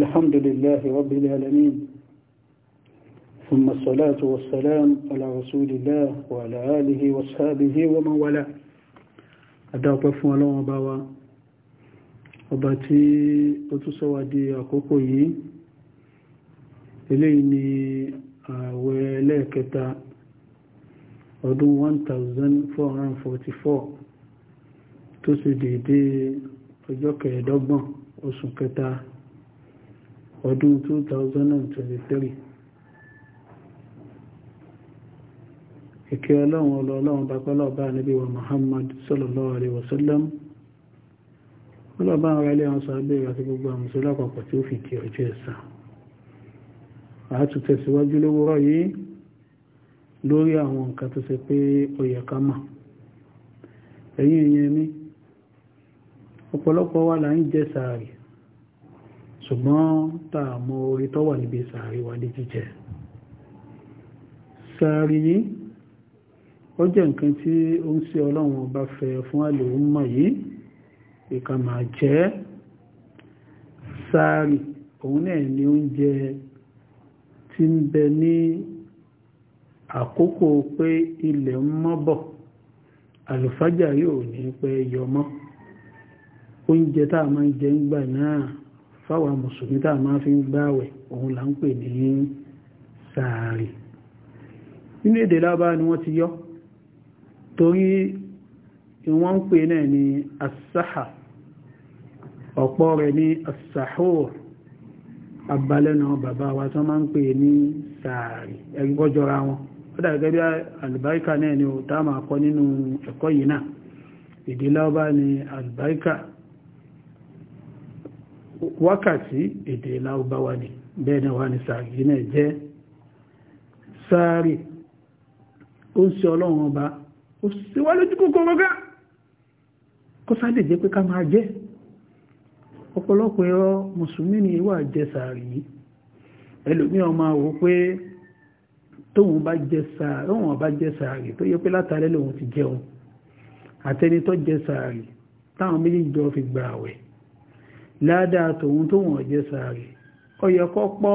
الحمد لله رب العالمين ثم الصلاة والسلام على رسول الله وعلى آله واصحابه ومن والاه adáwọ̀pẹ́ fún ọlọ́wọ́n ọba wa ọba tí ó tún sọ wá di àkókò yìí eléyìí ni ààwẹ̀ ẹlẹ́ẹ̀kẹta ọdún 1444 tó sì dìde ọjọ́ kẹẹ̀ẹ́dọ́gbọ̀n oṣù kẹta 2023 ọdún 2023 ìkẹ́ ọlọ́run ọlọ́run bàpẹ́lọ́ bá níbi wa Muhammad sallallahu alaihi wasallam ọlọ́bá ara ilé ọ̀sọ̀ abẹ́rẹ́ àti gbogbo àmùsọ lápapọ̀ tí ó fi kí ọjọ́ ẹ̀san àátù tẹ̀síwájú lówúrọ̀ yìí lórí àwọn nǹkan tó ṣe pé ó yẹ ká mọ̀ ẹ̀yin èèyàn mi ọ̀pọ̀lọpọ̀ wa là ń sàárì ṣùgbọ́n tá a mọ orí tó wà níbi sàárì wa ní jíjẹ sàárì yìí ó jẹ́ nǹkan tí ó ń sí ọlọ́run ọba fẹ́ fún àlèhùnmọ̀ yìí ìkà máa jẹ́ sàárì òun náà ni oúnjẹ tí ń bẹ ní àkókò pé ilẹ̀ mọ́bọ̀ àlùfájà yóò ní pẹ́ yọmọ́ oúnjẹ tá a máa ń jẹ ń gbà náà fáwọn mùsùlùmí tá a máa fi ń gbáwẹ̀ òun là ń pè ní sàárì nínú èdè lábá ni wọ́n ti yọ torí wọ́n ń pè náà ní asáhà ọ̀pọ̀ rẹ̀ ní asáhùr abalẹ́nà bàbá wa tó máa ń pè ní sàárì ẹgbọ́jọra wọn ó dà bí àlùbáríkà náà ni ó tá máa kọ́ nínú ẹ̀kọ́ yìí náà èdè lábá ni àlùbáríkà wákàtí èdè láúbáwá ni bẹ́ẹ̀ náà wá ní sàárì náà jẹ́ sáàrì ó ń ṣe ọlọ́run ọba ó sì wá lójú kòkòrò gá kó sáà lè jẹ́ pé ká máa jẹ́ ọ̀pọ̀lọpọ̀ ẹ̀rọ mùsùlùmí ni ìwà jẹ sàárì yìí ẹlòmí ọmọ wò pé tóun bá jẹ sàárì tó yẹ pé látàrẹ́ lòun ti jẹun àtẹni tó jẹ sàárì táwọn méjì jọ fi gba àwẹ̀ ládàá tòun tó wọ́n jẹ́ sàárì ó yẹ kó pọ̀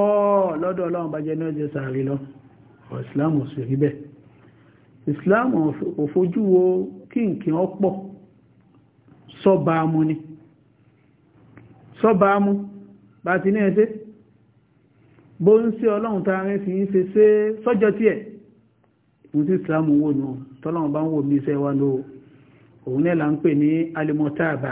lọ́dọ̀ ọlọ́run bá jẹ́ ní ọjẹ́ sàárì lọ ìsìláàmù sì rí bẹ́ẹ̀ ìsìláàmù ò fojú wo kíǹkì ó pọ̀ sọ́bàámu ni sọ́bàámu bá ti ní ẹsẹ́ bó ń sí ọlọ́run tá a rẹ́ sí ń ṣe ṣe sọ́jọ́ tí ẹ̀ mú sí ìsìláàmù wò nù tọ́lọ́run bá ń wò bí iṣẹ́ wa lóò òun náà là ń pè ní alimọ́tàbà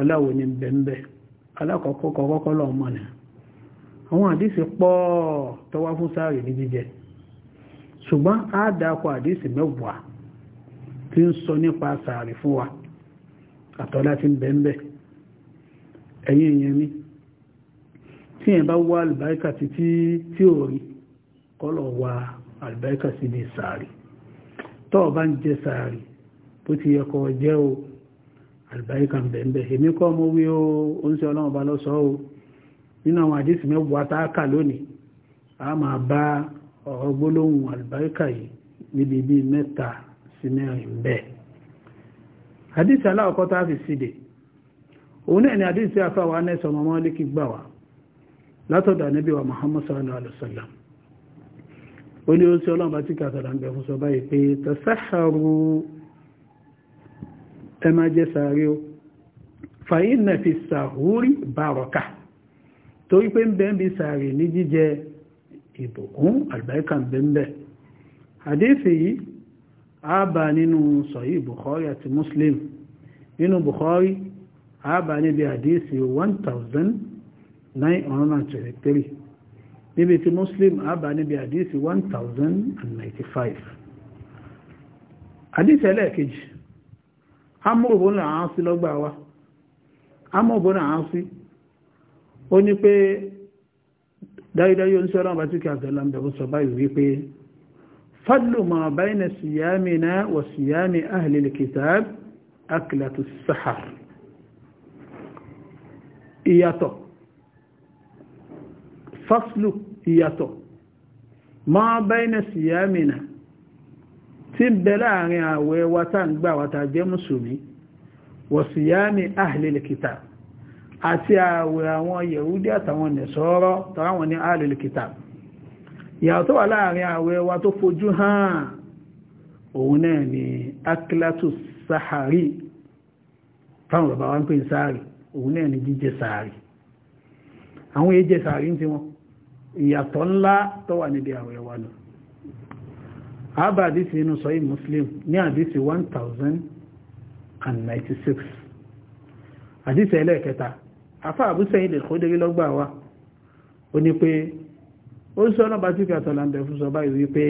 ọláwo ni bẹ̀m̀bẹ̀ alákọ̀ọ́kọ́ kọ̀ọ̀kọ́ lọ mọ̀nà àwọn àdísì pọ̀ tó wá fún sàárì ní jíjẹ ṣùgbọ́n á dákọ̀ àdísì mẹ́wàá tí ń sọ nípa sàárì fún wa àtọ́lá ti bẹ̀m̀bẹ̀ ẹ̀yìn èèyàn mi tí ẹ̀ bá wá àlùbáríkà ti tí ò rí kọ́lọ̀ wá àlùbáríkà sí ní sàárì tọ́ọ̀ bá ń jẹ sàárì bó ti yẹ kọ́ jẹ́ o àlùbáríkà ń bẹ̀ẹ̀ èmi kọ́ mo wí o ó ń sọ ọlọ́run ọba lọ́sọ o nínú àwọn àdísì mẹ́wàá tá a kà lónìí a máa bá ọ̀rọ̀ gbólóhùn àlùbáríkà yìí níbi bíi mẹ́ta sí mẹ́rin bẹ́ẹ̀ àdísì aláwọ̀kọ́ tá a fi síde òun náà ni àdísì afáwa anẹ́sọ̀ ọmọ mọ́lẹ́kì gbà wá látọ̀dọ̀ ànábì wa Muhammad sallallahu alaihi wasallam ó ní ó ń sọ ọlọ́run bá tí kàtàlà ń bẹ fún sọ báyìí pé tasaharu ẹ máa jẹ sàárì o fàyín náà fi sàhúrí bàrọ̀kà torí pé ń bẹ́ ń bi sàárì ní jíjẹ ìbùkún àlùbáríkà ń bẹ́ ń bẹ́ àdéfì yìí a bá nínú sọ̀yí Bukhari àti Muslim nínú Bukhari a bá níbi àdéfì 1923 níbi tí Muslim a bá níbi àdéfì 1095 àdéfì ẹlẹ́ẹ̀kejì amúròbó náà á sí lọ́gbà wa amúròbó náà á sí ó ní pé dájúdájú oníṣẹ́ ọlọ́run bá tí kí àgbẹ̀lá ń bẹ̀rù sọ báyìí wípé fadlu ma bayna siyamina wa siyami ahli alkitab aklatu sahar ìyàtọ̀ faslu ìyàtọ̀ ma bayna siyamina tí ń bẹ láàrin àwẹ̀ wata ń gbà wata jẹ́ mùsùlùmí wọ̀síyámi ahlil kitab àti àwẹ̀ àwọn yẹ̀húdí àtàwọn nẹ̀sọ́rọ́ tàwọn ní ahlil kitab ìyàtọ̀ wà láàrin àwẹ̀ wa tó fojú hàn òun náà ni akílátù sahari táwọn bàbá wa ń pè sáàrì òun náà ni jíjẹ sáàrì àwọn èjẹ sáàrì ń ti wọn ìyàtọ̀ ńlá tó wà níbi àwẹ̀ wa náà àbá àdísì inú sọ́yí muslim ní àdísì 1096 àdísì ẹlẹ́ẹ̀kẹta afá àbúsẹ̀yìn lè kó dérí lọ́gbà wa ó ní pé ó ń sọ́nà bá tíkà tọ́lá ń bẹ̀ fún sọ báyìí wípé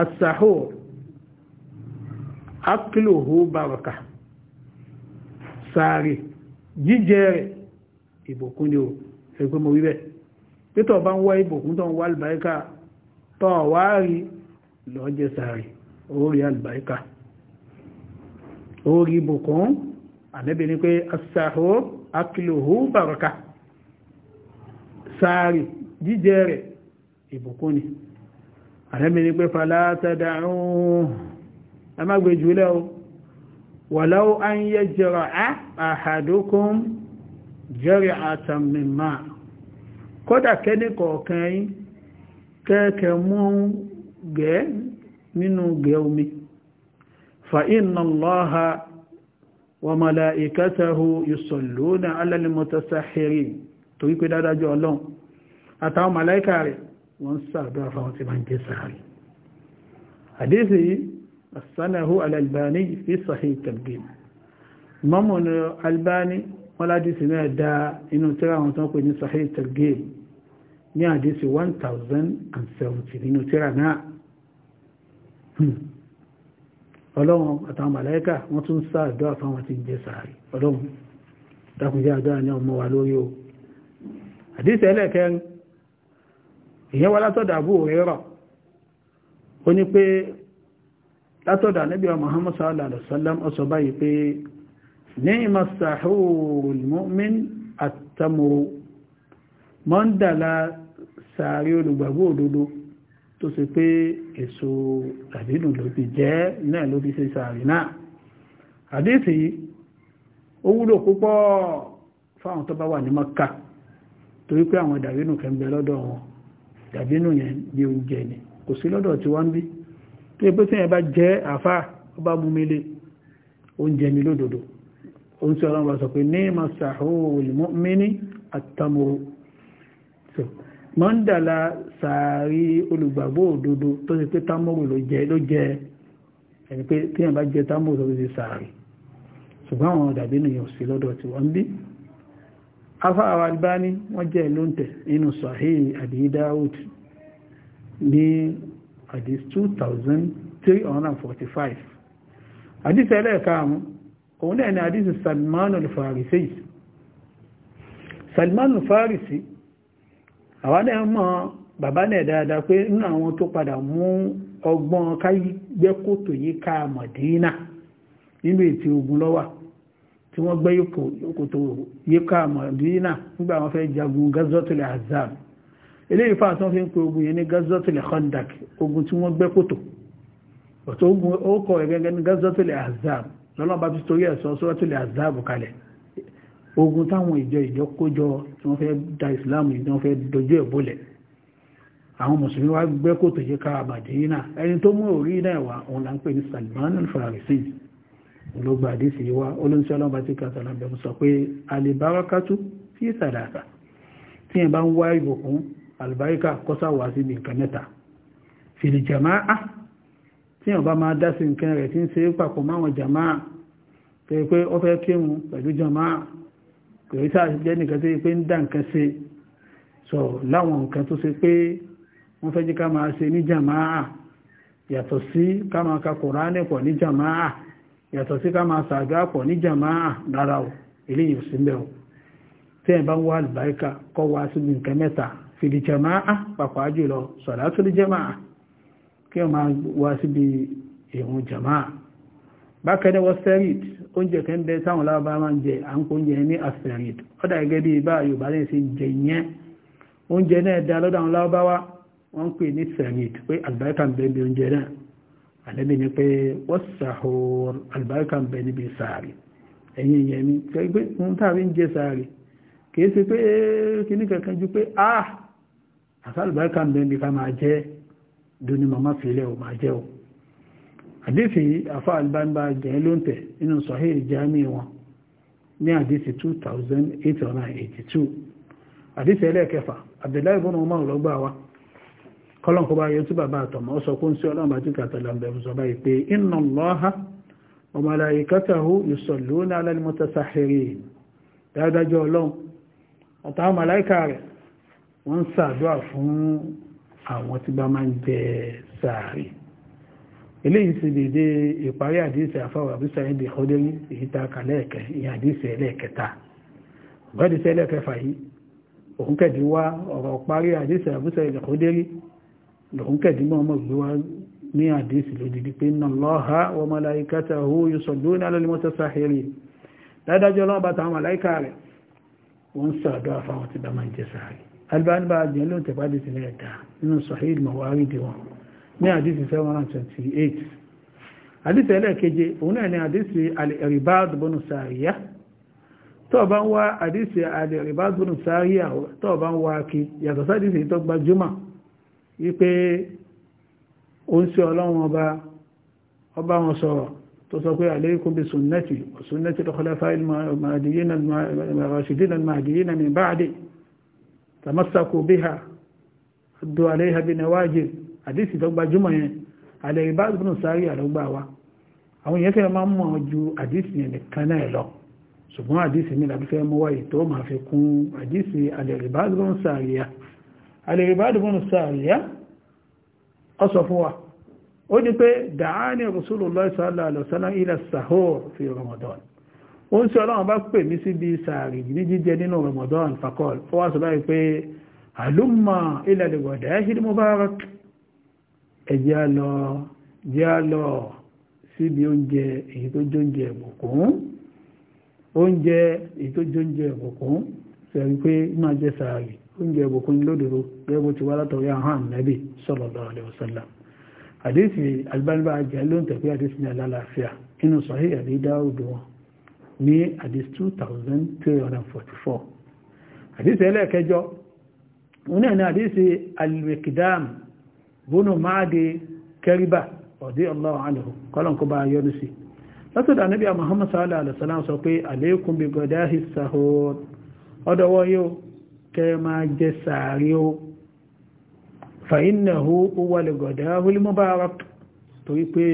as-sahur akílòhó bàrọ̀kà sàárì jíjẹ rẹ̀ ìbùkún ni ó ẹgbẹ́ mọ̀ wíbẹ̀ pé tó bá ń wá ìbùkún tó ń wá àlùbáríkà tó wá rí lọ́jẹ́ sàárì orí albaika orí bùkún ànẹ́bì ní pé asáhó akìlòhó bàrọ̀ká sàárì jíjẹ rẹ̀ ìbùkún ni ànẹ́bì ní pé falátàdà ọ̀hún ẹ má gbé jùlẹ̀ o wàláwó an yẹ jẹ́rọ àhàdókún jẹ́rẹ̀ àtàmìmá kódà kẹ́ gẹ́ nínú gẹ́ omi fa inna Allaha wa malaikatahu yusalluna ala al-mutasahhirin torí pé dádájọ́ ọlọ́run àtàwọn màláìkà rẹ̀ wọ́n sàdọ́ àfáwọn tí máa ń jẹ́ sàárì hadisi asanahu al-albani fi sahih tabdil mọ́mọ̀ albani wọ́n ládìsí náà dá inú tíra wọn tán pè ní sahih tabdil ní hadisi 1070 nínú tíra náà ọlọ́run àtàwọn màláíkà wọ́n tún sáàdọ́ àfáwọn ti jẹ sàárì ọlọ́run dákùnjẹ́ àdọ́ àní ọmọ wa lórí o àdíṣẹ́ ẹlẹ́kẹrin ìyẹn wá látọ̀dọ̀ Abu Hurairah ó ní pé látọ̀dọ̀ Ànábì Muhammad sallallahu alaihi wasallam ó sọ báyìí pé ni'ma sahurul mu'min at-tamru mọ́ndàlá sàárì olùgbàgbọ́ òdodo tó sì pé èso dàbínù ló fi jẹ́ náà ló fi ṣe sàárì náà àdéhìsì ó wúlò púpọ̀ fáwọn tó bá wà ní Mọ́kà torí pé àwọn dàbínù kẹ́ ń bẹ lọ́dọ̀ wọn dàbínù yẹn bí oúnjẹ ni kò sí lọ́dọ̀ tí wọ́n ń bí tó yẹ pé tí yẹn bá jẹ́ àfáà ó bá mú mi oúnjẹ ni lódodo oúnjẹ ọlọ́run bá sọ pé ní masahul mu'mini at-tamru mọ́ńdàlá sàárì olùgbàgbọ́ òdodo tó ti pé támọ́rù ló jẹ ló jẹ ẹni pé téèyàn bá jẹ támọ́rù ló ti sàárì ṣùgbọ́n àwọn ọ̀dàbí nìyàn sí lọ́dọ̀ tí wọ́n ń bí afáàwà albani wọ́n jẹ́ lóǹtẹ̀ nínú sahih Abi Dawud 2345 hadith ẹlẹ́ẹ̀kaàmù òun ni hadith Salman al Salman al àwádẹ́ mọ́ bàbá náà dáadáa pé nínú àwọn tó padà mú ọgbọ́n káyígbẹ́kòtò yí ká mọ̀dínà nínú ètò ogun lọ́wà tí wọ́n gbẹ́ ìkòtò yí ká mọ̀dínà nígbà wọn fẹ́ jagun gazotul azam eléyìí fà tán fi ń pe ogun yẹn ní gazotul khandak ogun tí wọ́n gbẹ́ kòtò ọ̀tọ̀ ogun ó kọ̀ ẹ̀gẹ́gẹ́ ní gazotul azam lọ́lọ́ba tó torí ẹ̀sọ́ suratul azam kalẹ̀ ogun táwọn ìjọ ìjọ kójọ tí wọ́n fẹ́ da islam ìjọ wọ́n fẹ́ dojú ẹ̀ bólẹ̀ àwọn mùsùlùmí wá gbẹ́ kòtò yẹ ká àbàdínà ẹni tó mú orí náà wá òun là ń pè ní Salman al-Farisi ló gba àdísì wá olóńsẹ́ ọlọ́mọba tí kàtà lábẹ́ sọ pé alibarakatu fi sàdáàkà tí yẹn bá ń wá ìbùkún alibarika kọ́sà wá síbi nǹkan mẹ́ta fìlì jamaa tí yẹn bá máa dá sí nǹkan rẹ̀ tí ń ṣe papọ̀ máwọn jamaa pé ó fẹ́ kírun pẹ̀lú jamaa èyí tá jẹ́ nìkan tó yí pé ń dá nǹkan ṣe sọ láwọn nǹkan tó ṣe pé wọ́n fẹ́ jí ká máa ṣe ní jàmáà yàtọ̀ sí ká máa ka kòránì pọ̀ ní jàmáà yàtọ̀ sí ká máa sàgá pọ̀ ní jàmáà rárá o eléyìí sí mbẹ́ bákẹ́ni wọ serid oúnjẹ kan bẹ táwọn lábá máa ń jẹ à ń kó oúnjẹ ní aserid ọ̀dà gẹ́gẹ́ bí bá yorùbá lè ṣe jẹ yẹn oúnjẹ náà dá lọ́dọ̀ àwọn lábá wa wọ́n pè ní serid pé àlùbáríkà ń bẹ níbi oúnjẹ náà àlẹ́bí ni pé wọ́n sàhóor àlùbáríkà ń bẹ níbi sàárì ẹ̀yìn ìyẹn mi sọ pé wọ́n tàbí ń jẹ sàárì kìí ṣe pé kìíní kankan ju pé ah àṣà àlùbáríkà ń bẹ níbi ká máa jẹ dúní màmá fìlẹ̀ ò máa jẹ ò àdísì afá àlbánbá jẹ́ ló ń tẹ̀ inú sọ̀hí ìjámí wọn ní àdísì 2882 àdísì ẹlẹ́ẹ̀kẹfà Abdullahi ibn Umar lọ́gbà wa kọ́lọ̀n kọba yóò tí bàbá àtọ̀mọ́ ó sọ kó ń sí ọlọ́mà tí kàtàlà ń bẹ̀rù sọba ìpé inna Allaha wa malaikatahu yusalluna ala ọlọ́run eléyìí sì dèdè ìparí àdíṣẹ́ àfáwà bí sàyẹ́ bí ọdẹ́rí èyí ta kà lẹ́ẹ̀kẹ́ ìyẹn àdíṣẹ́ ẹlẹ́ẹ̀kẹta ọ̀gádìṣẹ́ ẹlẹ́ẹ̀kẹfà yìí òun kẹ̀dí wá ọ̀rọ̀ parí àdíṣẹ́ àbúṣà ilẹ̀ ọdẹ́rí lòun kẹ̀dí mọ́ ọmọ ìgbé wá ní àdíṣẹ́ lódìdí pé inna Allaha wa malaikatahu yusalluna 'alal mutasahhirin dádájọ́ lọ́wọ́ bàtà àwọn màláìkà rẹ̀ wọ́n sàdọ́ àfáwọn ti bá máa ń ní àdísì 728 àdísì ẹlẹ́ẹ̀keje òun náà ni àdísì al-Irbad bọ́nù sàríyá tó bá ń wá àdísì al-Irbad bọ́nù sàríyá tó bá ń wá kí yàtọ̀ sádìsì tó gbajúmọ̀ wípé ó ń sí ọlọ́run ọba ọba wọn sọ̀rọ̀ tó sọ pé alaykum bi sunnati wa sunnati al-khulafa'il mahdiyyin ar-rashidin al-mahdiyyin min àdísì tó gbajúmọ̀ yẹn àlẹ́ ìbáàbùnù sáré àlọ́gbà wa àwọn èèyàn fẹ́ máa ń mọ̀ ju àdísì yẹn nìkan náà lọ ṣùgbọ́n àdísì mi làbí fẹ́ mọ́ wáyé tó máa fi kún àdísì àlẹ́ ìbáàbùnù sáré yá àlẹ́ ìbáàbùnù sáré yá ọ sọ fún wa ó ní pé dàá ní Rasulullah sallallahu alaihi wasallam ila sahur fi Ramadan ó ń sọ ọlọ́run bá pè mí síbi sàárì Ramadan fakọ́l ó wá sọ ila al-wadahi ẹ̀jẹ̀ á lọ jẹ́ á lọ síbi oúnjẹ èyí tó jóúnjẹ ìbùkún oúnjẹ èyí tó jóúnjẹ ìbùkún sẹ́rí pé máa jẹ́ sàárì oúnjẹ ìbùkún lódòdó gẹ́gẹ́ bó ti wá látọ̀rí àhán nẹ́bì sallallahu alaihi wasallam àdéhìsì albaniba ajẹ́ ló ń tẹ̀pẹ́ àdéhìsì ní alálàáfíà inú sahih Abi Dawud wọn ní àdéhìsì 2344 àdéhìsì ẹlẹ́ẹ̀kẹjọ òun náà ní àdéhìsì al-Miqdam bónú máa de kẹríbà ọ̀dí Allahu anhu kọ́lọ̀n kó bá yọ́nu sí látọ̀dọ̀ anábíà Muhammad sallallahu alaihi wasallam sọ pé alaykum bí gọ̀dá hissahud ọdọwọ́ yóò kẹ máa jẹ sàárì ó fa innahu huwa al-ghada'u al-mubarak torí pé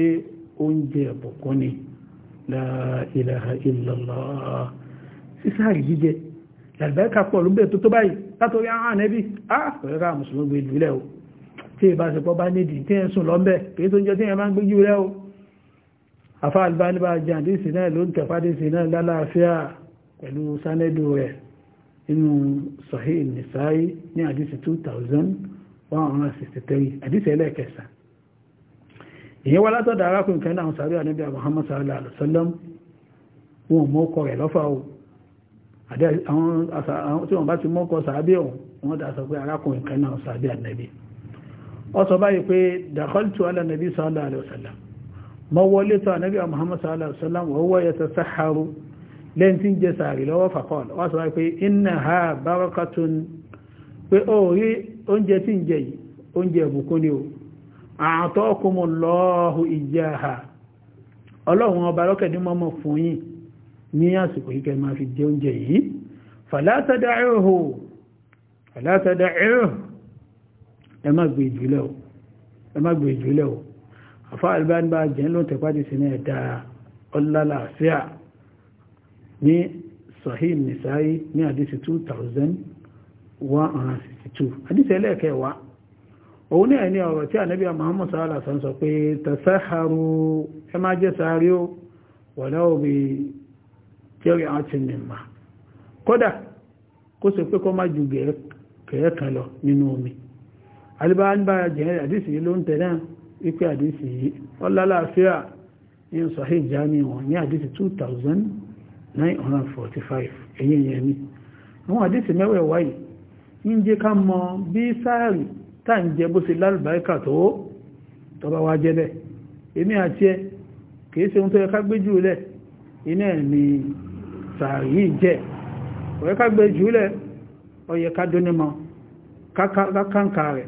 oúnjẹ ẹ̀bùkún ni la ilaha tí ìbáṣepọ̀ bá nídìí tí ẹ̀ sùn lọ́mbẹ̀ kìí tó ń jẹ́ tí ẹ̀ máa ń gbójú rẹ̀ o afá albaniba jàndísì náà ló ń tẹ̀fádísì náà lálàáfíà pẹ̀lú sánẹ́dù rẹ̀ nínú sọ̀hí nìsáyí ní àdísì 2163 àdísì Muhammad sallallahu alaihi wasallam wọn mọ́kọ rẹ̀ lọ́fà o àwọn tí wọ́n bá ti mọ́kọ sàábí ọ̀hún wọ́n dá sọ pé arákùnrin kan náà sàábí ànábì wọ́n sọ báyìí pé dakhaltu ala nabi sallallahu alaihi wasallam mọ́ wọlé tọ́ ànábì Muhammad sallallahu alaihi wasallam wa huwa yatasahharu lẹ́yìn tí ń jẹ sàárì lọ́wọ́ faqal wọ́n sọ báyìí pé innaha barakatun pé ó rí oúnjẹ tí ń jẹ yìí oúnjẹ ìbùkún ni o a'taakumullahu iyyaha ọlọ́run ọba lọ́kẹ̀dínmọ́mọ́ fún yín ní àsìkò ìkẹ́ máa fi jẹ oúnjẹ yìí fala tada'uhu fala tada'uhu ẹ má gbé ìjùlẹ̀ o ẹ má gbé ìjùlẹ̀ o àfá Albani bá jẹ́ ló tẹ̀pájì sí ní ẹ̀dà ọlálàáfíà ní Sahih Nisa'i ní àdísì 2162 àdísì ẹlẹ́ẹ̀kẹwàá òun náà ní ọ̀rọ̀ tí ànábì Muhammad sàálà sàn sọ pé tasaharu ẹ walau bi jẹ́rì àti nìmà kódà kó sì pé kó má ju gẹ̀ẹ́ kan lọ nínú omi alibánibá jẹ́ àdísì yìí ló ń tẹ̀lé wípé àdísì yìí ọlálàáfíà ní sahih jami wọn ní àdísì 2945 èyí yẹn ni àwọn àdísì mẹ́wẹ̀ẹ̀wá yìí ń jẹ́ ká mọ bí sáàrì tá ń jẹ bó ṣe lálùbáríkà tó tọba wá jẹ́ bẹ́ èmi àti ẹ kìí ṣe ohun tó yẹ ká jù lẹ̀ iná ẹ̀mí sáàrì yìí jẹ́ ọ̀yẹ́ ká jù lẹ̀ ọ̀yẹ́ ká dónímọ̀ kákàǹkà rẹ̀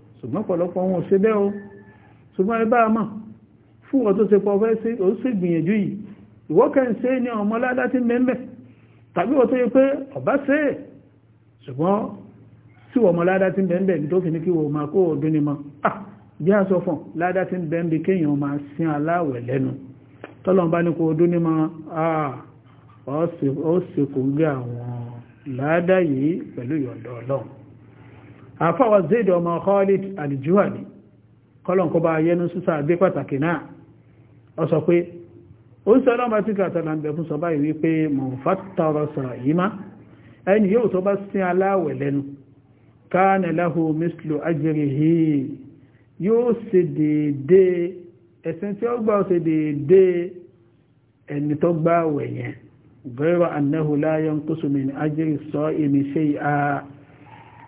ṣùgbọ́n pọ̀lọpọ̀ wọn ò ṣe bẹ́ẹ̀ o ṣùgbọ́n ẹ bá a mọ̀ fún ọ tó ṣe pọ̀ fẹ́ sí ó sì gbìyànjú yìí ìwọ́kẹ́ ń ṣe ní ọmọ ládá tí mẹ́mẹ́ tàbí ọ tó pé ọba ṣe é ṣùgbọ́n tí ọmọ ládá tí mẹ́mẹ́ tó fi ní kí wọ́n máa kó ọdún ni mọ́ ah bí a sọ fún ládá tí mẹ́mẹ́ kéèyàn máa sin aláwẹ̀ lẹ́nu tọ́lọ́mbá ní ah ó sì kò ń gbé àwọn ládá yìí pẹ̀lú ìyọ̀ǹda ọlọ́run àfáwà zaid ọmọ khalid alijuhani kọlọ̀nkọba ayẹnu sísà gbé pàtàkì náà ọ sọ pé ó sọ ọlọ́mọ tí kàtàlà ń bẹ fún sọba ìwé pé mọ̀fátàrọ sọ̀rọ̀ yìí má ẹni yóò tó bá sín aláwẹ̀ lẹ́nu káàna láhù mislu ajrihi yóò ṣe dédé ẹ̀sìn tí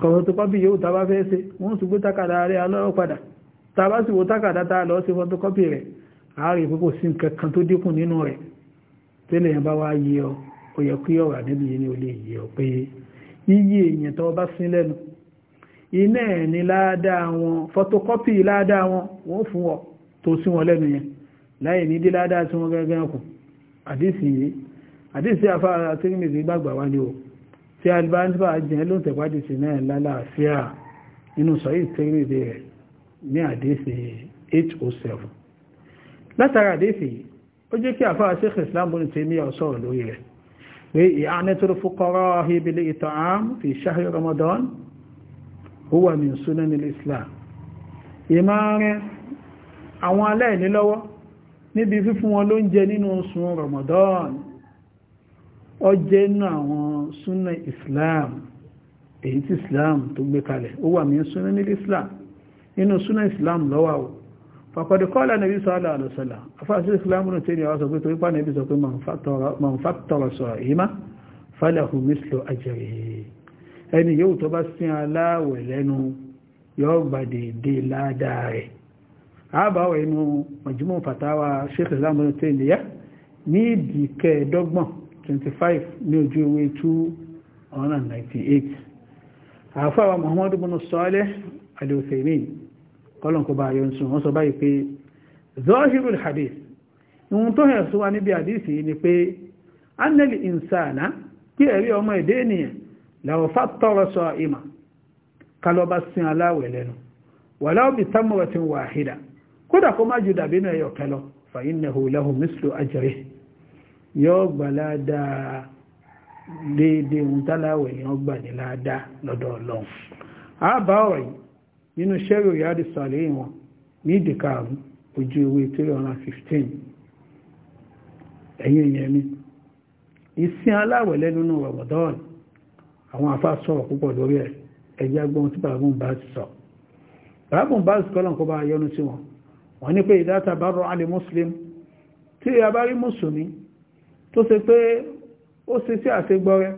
kọ̀wọ́ tó kọ́pì yóò tàbá fẹ́ ṣe wọ́n sì gbé tákàdá rẹ̀ alọ́rọ̀ padà tàbá sì wo tákàdá tá a lọ sí fọ́tọ́kọ́pì rẹ̀ ààrẹ ìpínkò sí nǹkan kan tó dínkù nínú rẹ̀ tẹ́lẹ̀ yẹn bá wá yí ọ ó yẹ kí ọ̀rọ̀ àdébí yẹn ní o lè yí ọ pé iye èèyàn tó bá sín lẹ́nu iná ẹ̀ ní ládàá wọn fọ́tọ́kọ́pì ládàá wọn wọ́n fún ọ tó sí wọn lẹ́nu yẹn láì ní dé ládàá tí wọ́n gẹ́gẹ́ kù àdìsí àdìsí afárá tí tí alibánibà jẹ́ ló tẹ̀wádì sí náà lálàáfíà nínú sọ́yí tẹ́rìdì rẹ̀ ní àdéṣe 807 látara àdéṣe ó jẹ́ kí àfáà Sheikh Islam bóni tẹ́ ní ọ̀sọ́ lórí rẹ̀ pé i'anatul fuqara bil it'am fi shahri Ramadan huwa min sunanil Islam ìmáàrin àwọn aláìnílọ́wọ́ níbi fífún wọn lóúnjẹ nínú oṣù Ramadan ọ jẹ́ inú àwọn súnà islam èyí tí islam tó gbé kalẹ̀ ó wà mí súnà nílé islam nínú súnà islam lọ́wà o fàkọ̀dé kọ́lá nàbí sọ́lá àlọ́sọ́lá afáàsí islam ní tí ni àwọn sọ pé torípa nàbí sọ pé man fàtọrọ sọ ìmá falahu mislu ajrihi ẹni yóò tó bá sín aláwẹ̀ lẹ́nu yóò gbà dèdè ládàá rẹ̀ àbáwọ̀ inú majmu fatawa sheikh islam ní tí yá ní ìdíkẹ́ dọ́gbọ̀n 25 ní ojú ewé 298 àfáwà muhammadu bin sọ́ọ́lẹ̀ alìòsèmí kọlọ̀nkọ bá yọ ǹsùn wọ́n sọ báyìí pé zọ́ọ̀hìrù hadith ìwọ̀n tó hẹ̀ sọ́wà níbi àdísì ni pé annal insana kí ẹ̀rí ọmọ èdè ènìyàn làwọ̀fà tọrọ sọ ìmà kalọba sin aláwẹ̀ lẹ́nu wà láwọ̀bì tamuratin wàhídà kódà kó má ju dàbínú ẹyọ kẹlọ fa innahu lahu mislu ajrih yóò gbà ládàá déédéé ohun táláwẹ̀ yóò gbà ní ládàá lọ́dọ̀ ọlọ́run àbá ọ̀rọ̀ yìí nínú sẹ́rù ìyáàdì sàlẹ̀ wọn ní ìdíkàrún ojú ewé 315 ẹ̀yìn èèyàn mi ìsìn aláwẹ̀ lẹ́nu nínú Ramadan àwọn afá sọ̀rọ̀ púpọ̀ lórí ẹ̀ ẹ̀yà gbọ́n tí bàbùn bá sọ bàbùn bá kọ́lọ̀ kọ́ bá yọnu sí wọn wọ́n ní pé ìdáta bá alẹ́ muslim tí a bá rí mùsùlùmí tó ṣe pé ó ṣe sí àṣegbọ́rẹ́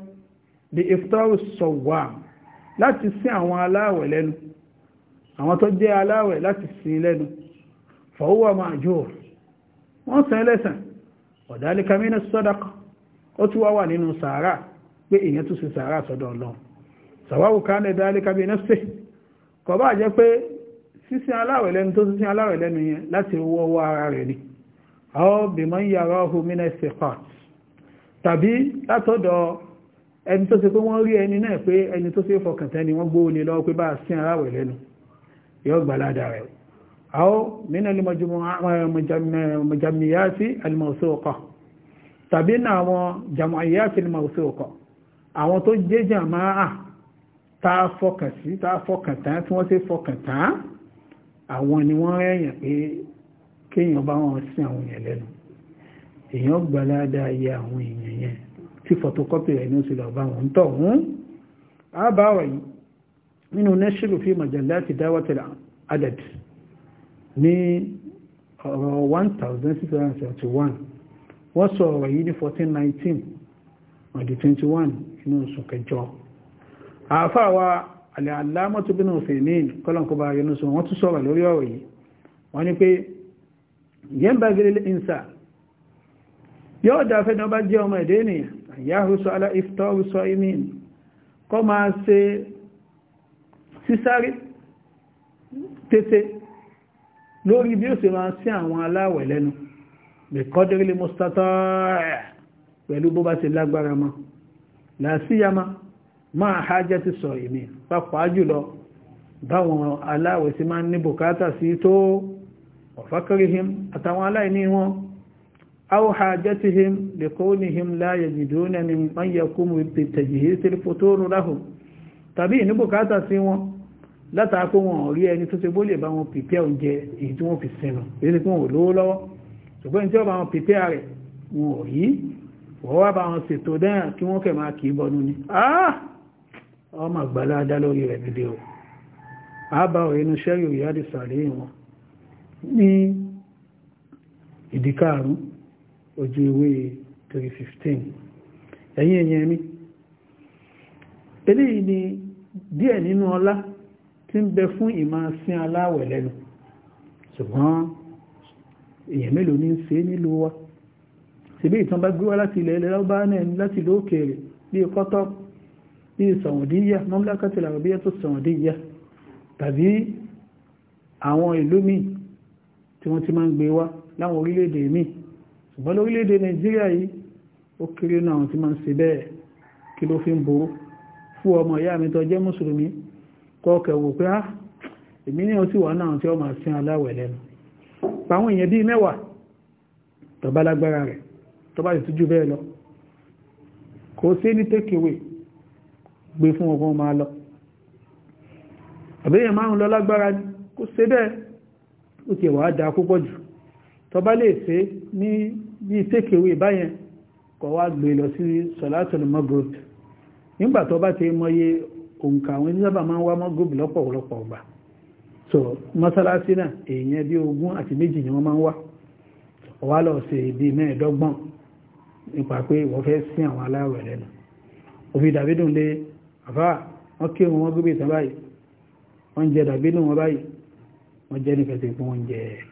the iftar sọ̀wà láti sí àwọn aláwẹ̀ lẹ́nu àwọn tó jẹ́ aláwẹ̀ láti sí lẹ́nu fọwọ́ ma'jur wọ́n san lẹ́san ọ̀dálíkà mínú sọ́dọ̀kọ̀ ó tún wá wà nínú sàárà pé èyàn tún sí sàárà sọ́dọ̀ ọlọ́run sàwáwù kánà ìdálíkà mínú sí kò bá jẹ́ pé sísìn aláwẹ̀ lẹ́nu tó sísìn aláwẹ̀ lẹ́nu yẹn láti owó ara rẹ̀ ni àwọn obìnrin yàrá ọhún mínú ẹsẹ̀ pàtì tàbí látọ̀dọ̀ ẹni tó se pé wọ́n rí ẹni náà pé ẹni tó ṣe fọkàntẹ́ ni wọ́n gbóòlè lọ́wọ́ pé bá sín aráwẹ̀ lẹ́nu yóò gbàládà rẹ̀ àó nínú mọ̀jàmíyàtí alìmọ̀sọ́ọ̀kọ̀ tàbí náà àwọn jàmíyàtí alìmọ̀sọ́ọ̀kọ̀ àwọn tó jẹ́ jàmáà tá fọkàntí tá fọkàntán tí wọ́n ṣe ni wọ́n rẹ̀yàn pé kéèyàn bá èèyàn gbalada iye àwọn èèyàn yẹn tí photocopy rẹ̀ ní ó sì lọ bá wọn tọ̀ hún àbáwà yìí nínú nẹ́ṣìlù fi majallati dáwọ́tẹ̀ adad ní ọ̀rọ̀ 1671 wọ́n sọ ọ̀rọ̀ yìí ní 1419 ọ̀dì 21 inú oṣù kẹjọ àfáàwà alẹ́ alámọ́tò bínú fèmín kọ́lọ̀kọ́bà yẹnu sọ wọ́n tún sọ̀rọ̀ lórí ọ̀rọ̀ yìí wọ́n ní pé yẹn bá gẹ́lẹ́ ìnsà yóò dáfẹ́ náà bá jẹ́ ọmọ èdè ènìyàn àyáhùsọ aláìfitọ́rùsọ imin kọ́ máa ṣe sísáré tètè lórí bí ó sì máa sí àwọn aláwẹ̀ lẹ́nu bẹ̀kọ́dẹ̀rẹ̀lẹ̀ mọ́sátọ́ pẹ̀lú bó bá ṣe lágbára mọ́ làásíyàmá máa hajjá ti sọ imin pàápàá jùlọ báwọn aláwẹ̀ sí máa ní bùkátà sí tó ọ̀fákẹ́rìhìm àtàwọn aláìní wọn أو حاجتهم لكونهم لا يجدون من يقوم بتجهيز الفطور لهم tàbí ní bùkátà sí wọn látàkó wọn rí ẹni tó ṣe bó lè bá wọn pìpẹ́ oúnjẹ èyí tí wọ́n fi sínú èyí tí wọ́n ò lówó lọ́wọ́ ṣùgbọ́n tí ó bá wọn pìpẹ́ rẹ̀ wọn ò rí wọ́n wá bá wọn ṣètò dáyà kí wọ́n kẹ̀ máa kì í bọnú ni ọmọ ojú ewé 315 ẹ̀yìn ẹ̀yìn ẹ̀mí eléyìí ni díẹ̀ nínú ọlá tí ń bẹ fún ìmá sín aláwẹ̀ lẹ́nu ṣùgbọ́n èèyàn mélòó ní ń ṣe nílùú wa síbí ìtàn bá gbé wá láti ilẹ̀ ilẹ̀ lọ́bá náà láti ìlú òkèèrè bí kọ́tọ́ bí Saudiya Mamlakatul Arabia tó Saudiya tàbí àwọn ìlú míì tí wọ́n ti máa ń gbé wá láwọn orílẹ̀-èdè míì ṣùgbọ́n lórílẹ̀-èdè Nàìjíríà yìí ó kéré náà àwọn tí máa ń ṣe bẹ́ẹ̀ kí ló fi ń ború fún ọmọ ìyá mi tó jẹ́ mùsùlùmí kọ́ọ̀kẹ̀wò pé á ah, èmi ní ọtí wà náà tí ó máa sin aláwẹ̀ lẹ́nu pàwọn èèyàn bíi mẹ́wàá tó lágbára rẹ̀ tó sì tújú bẹ́ẹ̀ lọ kò sí ní takeaway gbé fún ọgbọ́n máa lọ àbẹ́yẹn márùn lọ lágbára kó ṣe bẹ́ẹ̀ ó ti wà á dáa púpọ̀ jù tó bá lè ṣe ní bí tékèwé báyẹn kó wá gbé lọ sí sọ̀látùl magrib nígbà tó bá ti mọye òǹkà àwọn oníṣẹ́bà máa wá magrib lọ́pọ̀lọpọ̀ ọgbà so mọ́sálásí náà èèyàn bí ogún àti méjì ni wọ́n máa ń wá ó wá lọ ṣe ibi mẹ́ẹ̀ẹ́dọ́gbọ̀n nípa pé wọ́n fẹ́ sí àwọn aláwẹ̀ lẹ́nu òfin dàbídùn lé àfá wọ́n kí wọn gbígbé ìtàn báyìí wọ́n jẹ dàbídùn wọn báyìí wọ́n jẹ́ nífẹ̀ẹ́ sí fún oúnjẹ ẹ̀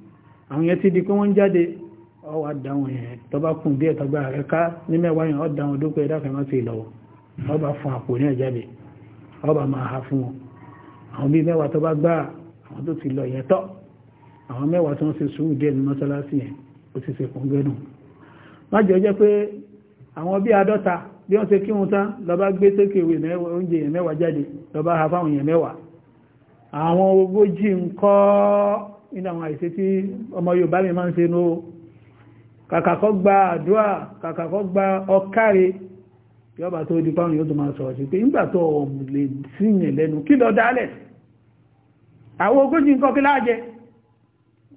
àwọn yẹn ti di pé wọ́n jáde ọwà dáwọn yẹn tó bá kùn díẹ̀ tọgbà rẹ̀ ká ní mẹ́wàá yẹn ọ̀dáwọn dókòó ẹ̀dá kan láti ìlọ́wọ́ ọba fún àpò ní ẹ̀jáde ọba máa ha fún wọn àwọn bíi mẹ́wàá tó bá gbá àwọn tó ti lọ yẹn tọ́ àwọn mẹ́wàá tó ń ṣe sùúrù díẹ̀ nínú àwọn àìsẹ́ tí ọmọ Yorùbá mi máa ń ṣe nóó kàkàkọ́ gba àdúrà kàkàkọ́ gba ọkáre yọba tó di pàwọn yóò tó máa sọ̀rọ̀ sí pé nígbà tó ọmọ lè síyàn lẹ́nu kí lọ dálẹ̀ àwọn ogójì nǹkan kí láàjẹ́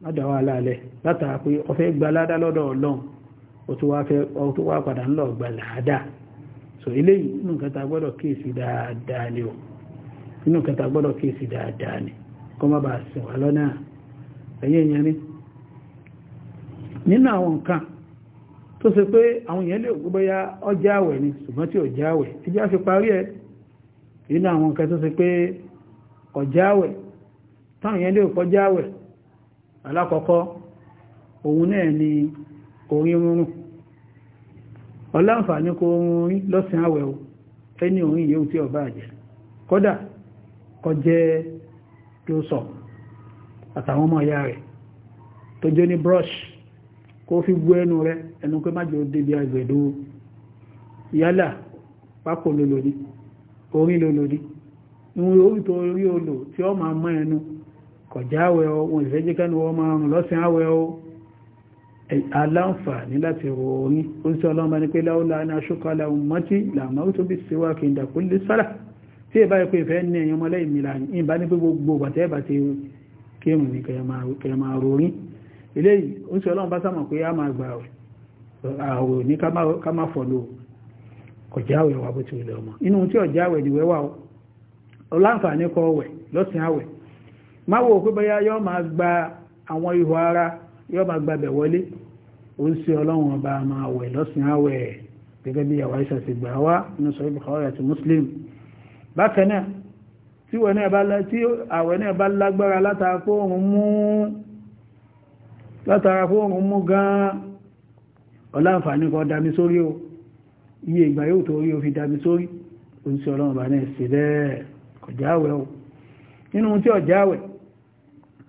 ládàwà alálẹ̀ látara so eléyìí inú kẹta gbọ́dọ̀ kíyèsí dáadáa ni ó inú kẹta gbọ́dọ̀ kíyèsí dáadáa ni lọ́nà ẹ̀yẹ yẹn ni nínú àwọn nǹkan tó ṣe pé àwọn èèyàn lè gbóbóyá ọjà àwẹ̀ ni ṣùgbọ́n tí ọjà àwẹ̀ ẹjẹ́ a fi parí ẹ̀ nínú àwọn nǹkan tó ṣe pé ọjà àwẹ̀ táwọn èèyàn lè kọjá àwẹ̀ alákọ̀ọ́kọ́ o ẹni orin àtàwọn ọmọ ìyá rẹ̀ tó jẹ́ ní brush kó fi gbó ẹnu rẹ̀ ẹnu pé májò débi àgbẹ̀dó yálà pákó lòlò ní orí lòlò ní ìwọ̀n orí tó rí olò tí ó máa mọ́ ẹnu kọjá àwẹ̀ ọ wọn ìfẹ́ jẹ́ kẹ́nu ọmọ ọrùn lọ́sìn àwẹ̀ ọ aláǹfààní láti rò orí ó sì ọlọ́mọ ní pé láúlá ní aṣókọ́lá mọ́tí làmọ́ tó bí síwá kí n dàkú sára tí ìbá ẹ̀kọ́ ìfẹ́ ní ẹ̀yàn mọ́lẹ́ ìmìlà ìbá ní pé gbogbo bàtẹ́ bàtẹ́ kéèmù ní kẹyàmà rorí eléyìí ó sì ọlọ́run bá sámọ̀ pé a máa gba àwẹ̀ ní ká má fọ̀lọ́ ọ̀jáwẹ̀ wà bó ti wùlẹ̀ ọmọ inú tí ọ̀jáwẹ̀ ni wẹ́wà ọláǹfààní kọ wẹ̀ lọ́sìn àwẹ̀ má wo pé bóyá yọ́ máa gba àwọn ihò ara yọ́ máa gba bẹ̀ wọlé ó sì ọlọ́run ọba máa wẹ̀ lọ́sìn àwẹ̀ muslim bákan náà tí àwẹ̀ náà bá lágbára látara fóòrùn mú gan ọláǹfààní kan dami sórí o iye ìgbà yóò tó rí o fi dami sórí o ń sí ọlọ́run bá náà sí bẹ́ẹ̀ ọjáwẹ̀ o nínú tí ọjáwẹ̀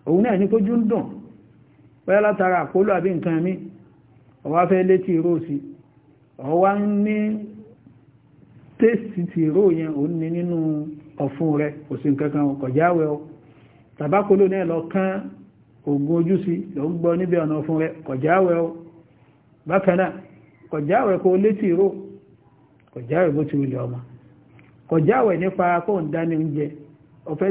òun náà ní kójú ń dùn pẹ́ látara àkólò àbí nǹkan mi tẹ́sì ti ró yẹn ò ní nínú ọ̀fun rẹ̀ kò sí nǹkankan ọ tàbákóló náà lọ kán oògùn ojú sí lọ gbọ́ ọ̀nà ọ̀fun rẹ̀ kọjáwẹ́ ọ bákanáà kọjáwẹ́ kó létí ró kọjáwẹ́ bó ti wulẹ̀ ọmọ kọjáwẹ́ nípa kó dání oúnjẹ ọ̀fẹ́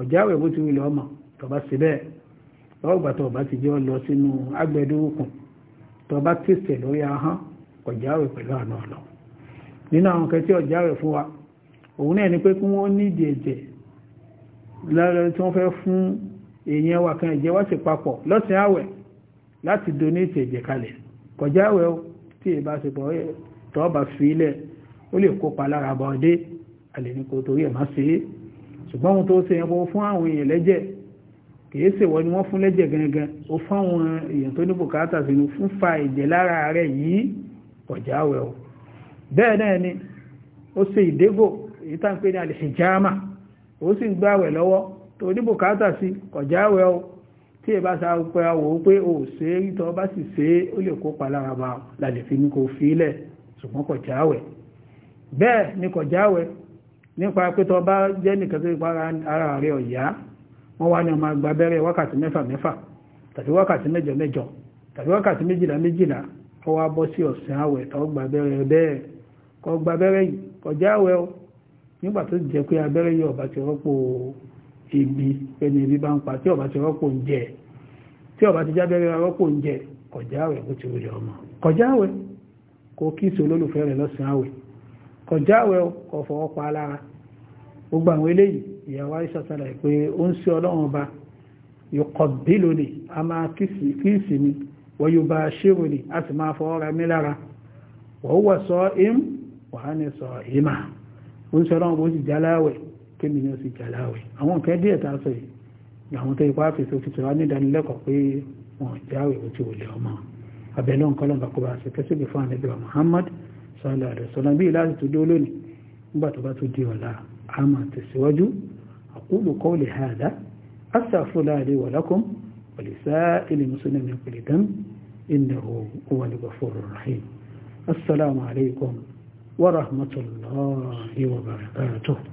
lori ti tọba síbẹ̀ lọ́wọ́ ìgbà tó bá ti jẹ́ lọ sínú agbẹ́dúrókùn tọba tẹ̀sẹ̀ lórí ahọ́n ọ̀jáwẹ̀ pẹ̀lú àna ọ̀nà nínú àwọn kẹtí ọ̀jáwẹ̀ fún wa òun náà ni pé kí wọ́n nídìí ẹ̀jẹ̀ lára tí wọ́n fẹ́ fún èèyàn wa kan ẹ̀jẹ̀ wá sí papọ̀ lọ́sìn àwẹ̀ láti donate ẹ̀jẹ̀ kalẹ̀ kọjáwẹ̀ tí ìbá ṣe pọ̀ tọ́ọ̀bà fi ilẹ̀ ó lè kópa lára bọ́ọ̀dé àlè ní kò torí ẹ̀ má ṣe é ṣùgbọ́n ohun tó ṣe yẹn fún àwọn èèyàn lẹ́jẹ̀ kìí ṣèwọ ni wọ́n fún lẹ́jẹ̀ gangan ó fáwọn èèyàn tó ní bùkátà sínú fún fa ìjẹ̀ lára rẹ̀ yìí ọ̀já wẹ̀ o bẹ́ẹ̀ náà ni ó ṣe ìdégò èyí tá ń pè ní alìhìjáàmà ó sì ń gbáwẹ̀ lọ́wọ́ tó ní bùkátà sí ọ̀já wẹ̀ o tí ẹ bá sá pẹ́ àwọ̀ ó pé ó ṣe é rí tọ́ bá sì ṣe é ó lè kópa lára bá lálẹ́ fi ní kò fi ilẹ̀ ṣùgbọ́n kò jáwẹ̀ bẹ́ẹ̀ ni kò jáwẹ̀ nípa pé tọ́ bá jẹ́ nìkan tó ipa ara rẹ̀ ọ̀yá wọ́n wá ní ọmọ agbábẹ́rẹ́ wákàtí mẹ́fà mẹ́fà tàbí wákàtí mẹ́jọ mẹ́jọ tàbí wákàtí méjìlá méjìlá wá bọ́ sí ọ̀sán àwẹ̀ tó gbàbẹ́rẹ́ bẹ́ẹ̀ yìí kọjá àwẹ̀ o nígbà tó jẹ́ pé abẹ́rẹ́ yìí ti rọ́pò ebi ẹni ebi bá ń pa tí oúnjẹ tí ti rọ́pò oúnjẹ kọjá àwẹ̀ bó ti ọmọ kọjá àwẹ̀ kò kíìsì olólùfẹ́ rẹ̀ àwẹ̀ kọjá àwẹ̀ ìyàwó Aisha sàlàyé pé ó ń sí ọlọ́run ọba yuqabbiluni a máa kíìsì mi wa yubashiruni a sì máa fọwọ́ ra mí lára wa huwa sa'im wa ana sa'ima ó ń sí ọlọ́run ọba ó sì jaláwẹ̀ kémi ni ó sì jaláwẹ̀ àwọn nǹkan díẹ̀ tá Muhammad sallallahu alaihi wasallam bí láti tó dé olónìí nígbà tó bá tó di ọ̀la a máa tẹ̀síwájú أقول قولي هذا أستغفر الله لي ولكم ولسائر المسلمين من كل ذنب إنه هو الغفور الرحيم السلام عليكم ورحمة الله وبركاته